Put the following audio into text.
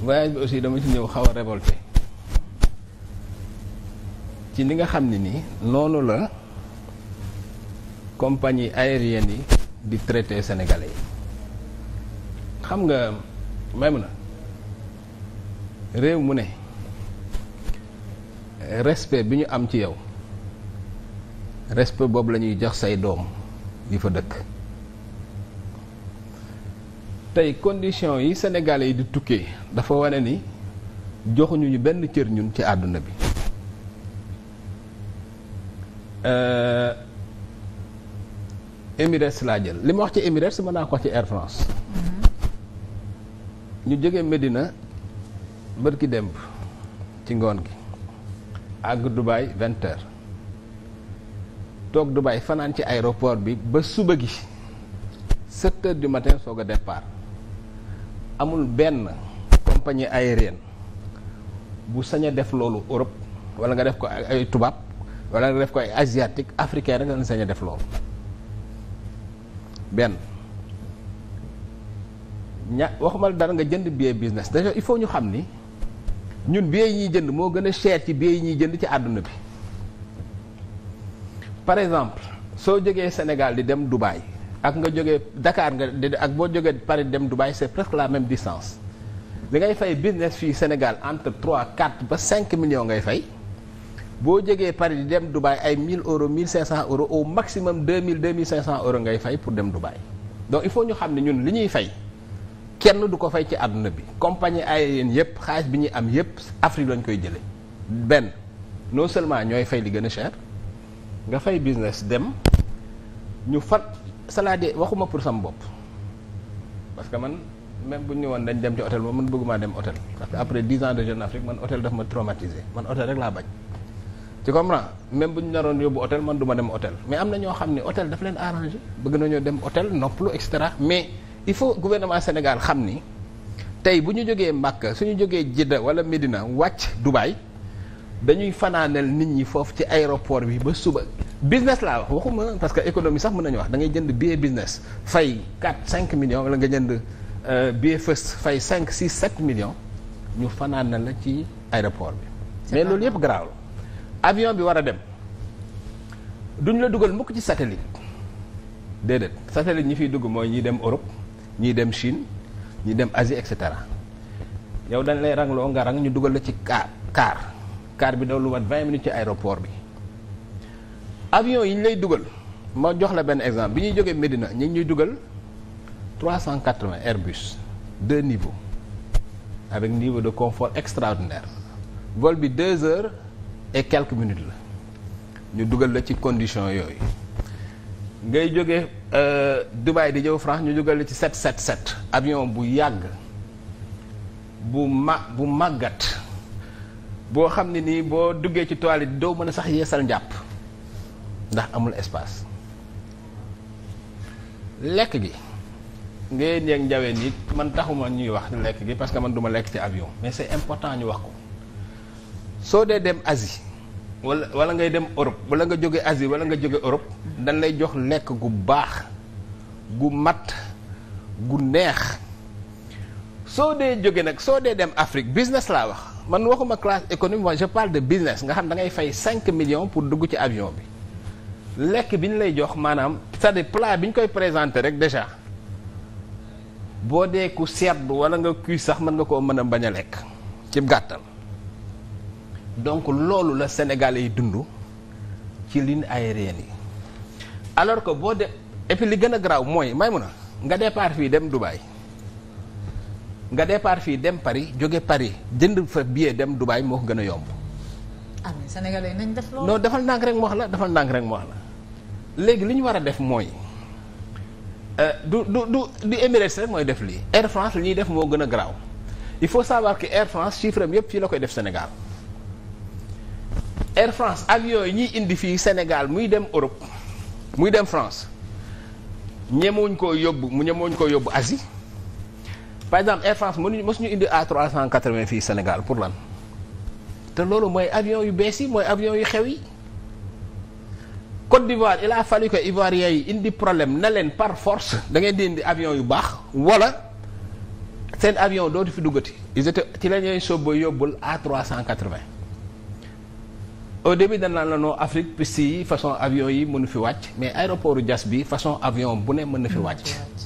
voyage bi aussi dama ci ñëw xaw a révolté ci li nga xam ne nii noonu la compagnie aérienne yi di traité sénégalais yi xam nga même na réew mu ne respect bi ñu am ci yow respect boobu la ñuy jox say doom yi fa dëkk tey condition yi sénégalais yi di tukkee dafa wane ni joxuñu ñu benn cër ñun ci àdduna bi euh, Emirates laa jël li ma wax ci Emirates mën naa ko ci Air France mm-hmm. ñu jóge Medina ki demb ci ngoon gi àgg Dubaï vingt heures toog Dubaï fanaan ci aéroport bi ba suba gi sept heures du matin soog a départ amul benn compagnie aérienne bu sañ a def loolu Europe wala nga def ko ay tubaab wala nga def ko ay asiatique africain rek lañ sañ a def loolu benn ña waxuma dara nga jënd billet business déjà il faut ñu xam ni ñun billet yi ñuy jënd moo gën a cher ci billet yi ñuy jënd ci àdduna bi par exemple soo jógee senegal di dem Dubaï ak nga jóge dakaar nga ak boo jógee Paris dem du Dubaï c'est presque la même distance li ngay fay business fii Sénégal entre 3 4 ba 5 millions ngay fay boo jógee Paris di dem baay ay 1000 euros 1500 euros au maximum 2000 2500 euros ngay fay pour dem Dubaï donc il faut ñu xam ne ñun li ñuy fay kenn du ko fay ci àdduna bi compagnie aérienne yépp xaalis bi ñuy am yépp Afrique lañ koy jëlee benn non seulement ñooy fay li gën a cher nga fay business dem ñu fat c'est-à-dire waxuma pour sama bopp parce que man même bu ñu woon dañ dem ci hôtel moom man bëgguma dem hôtel parce que après dix ans de Jeune Afrique man hôtel daf ma traumatisé man hôtel rek laa bañ tu comprends même bu ñu naroon yóbbu hôtel man du ma dem hôtel mais am na ñoo xam ne hôtel daf leen arrangé bëgg nañoo dem hôtel noppalu et cetera mais il faut gouvernement Sénégal xam ni tey bu ñu jógee Màkka suñu jógee Jidda wala Médina wàcc Dubaï dañuy fanaanel nit ñi foofu ci aéroport bi ba suba business laa wax waxuma parce que économie sax mën nañu wax da jënd billet business fay 4 5 millions wala nga jënd euh, billet first fay 5 6 7 millions ñu fanaan na la ci aéroport bi. mais loolu yëpp garaaw la avion bi war a dem duñ la dugal mukk ci satellite déedéet satellite ñi fiy dugg mooy ñiy dem Europe ñiy dem Chine ñiy dem Asie et cetera yow dañ lay rangloo nga rang ñu dugal la ci car car kaar bi daw lu wat minutes ci aéroport bi. avion yi ñu lay dugal ma jox la benn exemple bi ñuy jógee Médina ñu ngi cent dugal 380 Airbus deux niveaux avec niveau de confort extraordinaire vol bi deux heures et quelques minutes la ñu dugal la ci condition yooyu ngay jógee euh, Dubaï di ñëw France ñu dugal la ci 777 avion bu yàgg bu bu màggat boo xam ne nii boo duggee ci toilette doo mën a sax yeesal njàpp. ndax amul espace lekk gi ngeen yeeg njaween yi man taxuma ñuy wax lekk gi parce que man duma lekk ci avion mais c'est important ñu wax ko soo dee dem asi wala wala ngay dem Europe wala nga jóge asi wala nga jóge Europe dañ lay jox lekk gu baax gu mat gu neex soo dee jóge nag soo dee dem Afrique business laa wax man waxuma classe économique moi je parle de business nga xam da ngay fay cinq millions pour dugg ci avion bi lekk bi ñu lay jox maanaam cest à plat bi ñu koy présenté rek déjà boo dee ku sedd wala nga kuy sax mën nga koo mën a bañ a lekk ci gàttal donc loolu la Sénégalais yi dund ci ligne aérienne yi alors que boo de et li gën a garaaw mooy may mun a nga départ fii dem Dubaï nga départ fii dem Paris jóge Paris jënd fa billet dem Dubaï moo ko gën a yomb. ah mais Sénégalais nañ def loolu. defal ndànk rek mu wax la defal ndànk rek mu wax la. léegi li ñu war a def mooy euh, du du du du Emirates rek mooy def lii Air France li ñuy def moo gën a garaaw il faut savoir que Air France chiffre am yëpp fii la koy def Sénégal Air France avion yi ñuy indi fii Sénégal muy dem Europe muy dem France ñemewuñ koo yóbbu mu ñemewuñ koo yóbbu Asie par exemple Air France mënuñu mësuñu indi A380 fii Sénégal pour lan te loolu mooy avion yu bees yi mooy avion yu xew yi. Côte d'Ivoire il a fallu que Ivoiriens yi indi problème na leen par force da ngeen di indi avion yu baax wala seen avion dootu fi duggati ils étaient ci la ñuy sóobo yóbbul A380 trois au début dañ naan la noo Afrique piste yi façon avion yi mënu fi wàcc mais aéroportu Diass bi façon avion bu ne mën na fi wàcc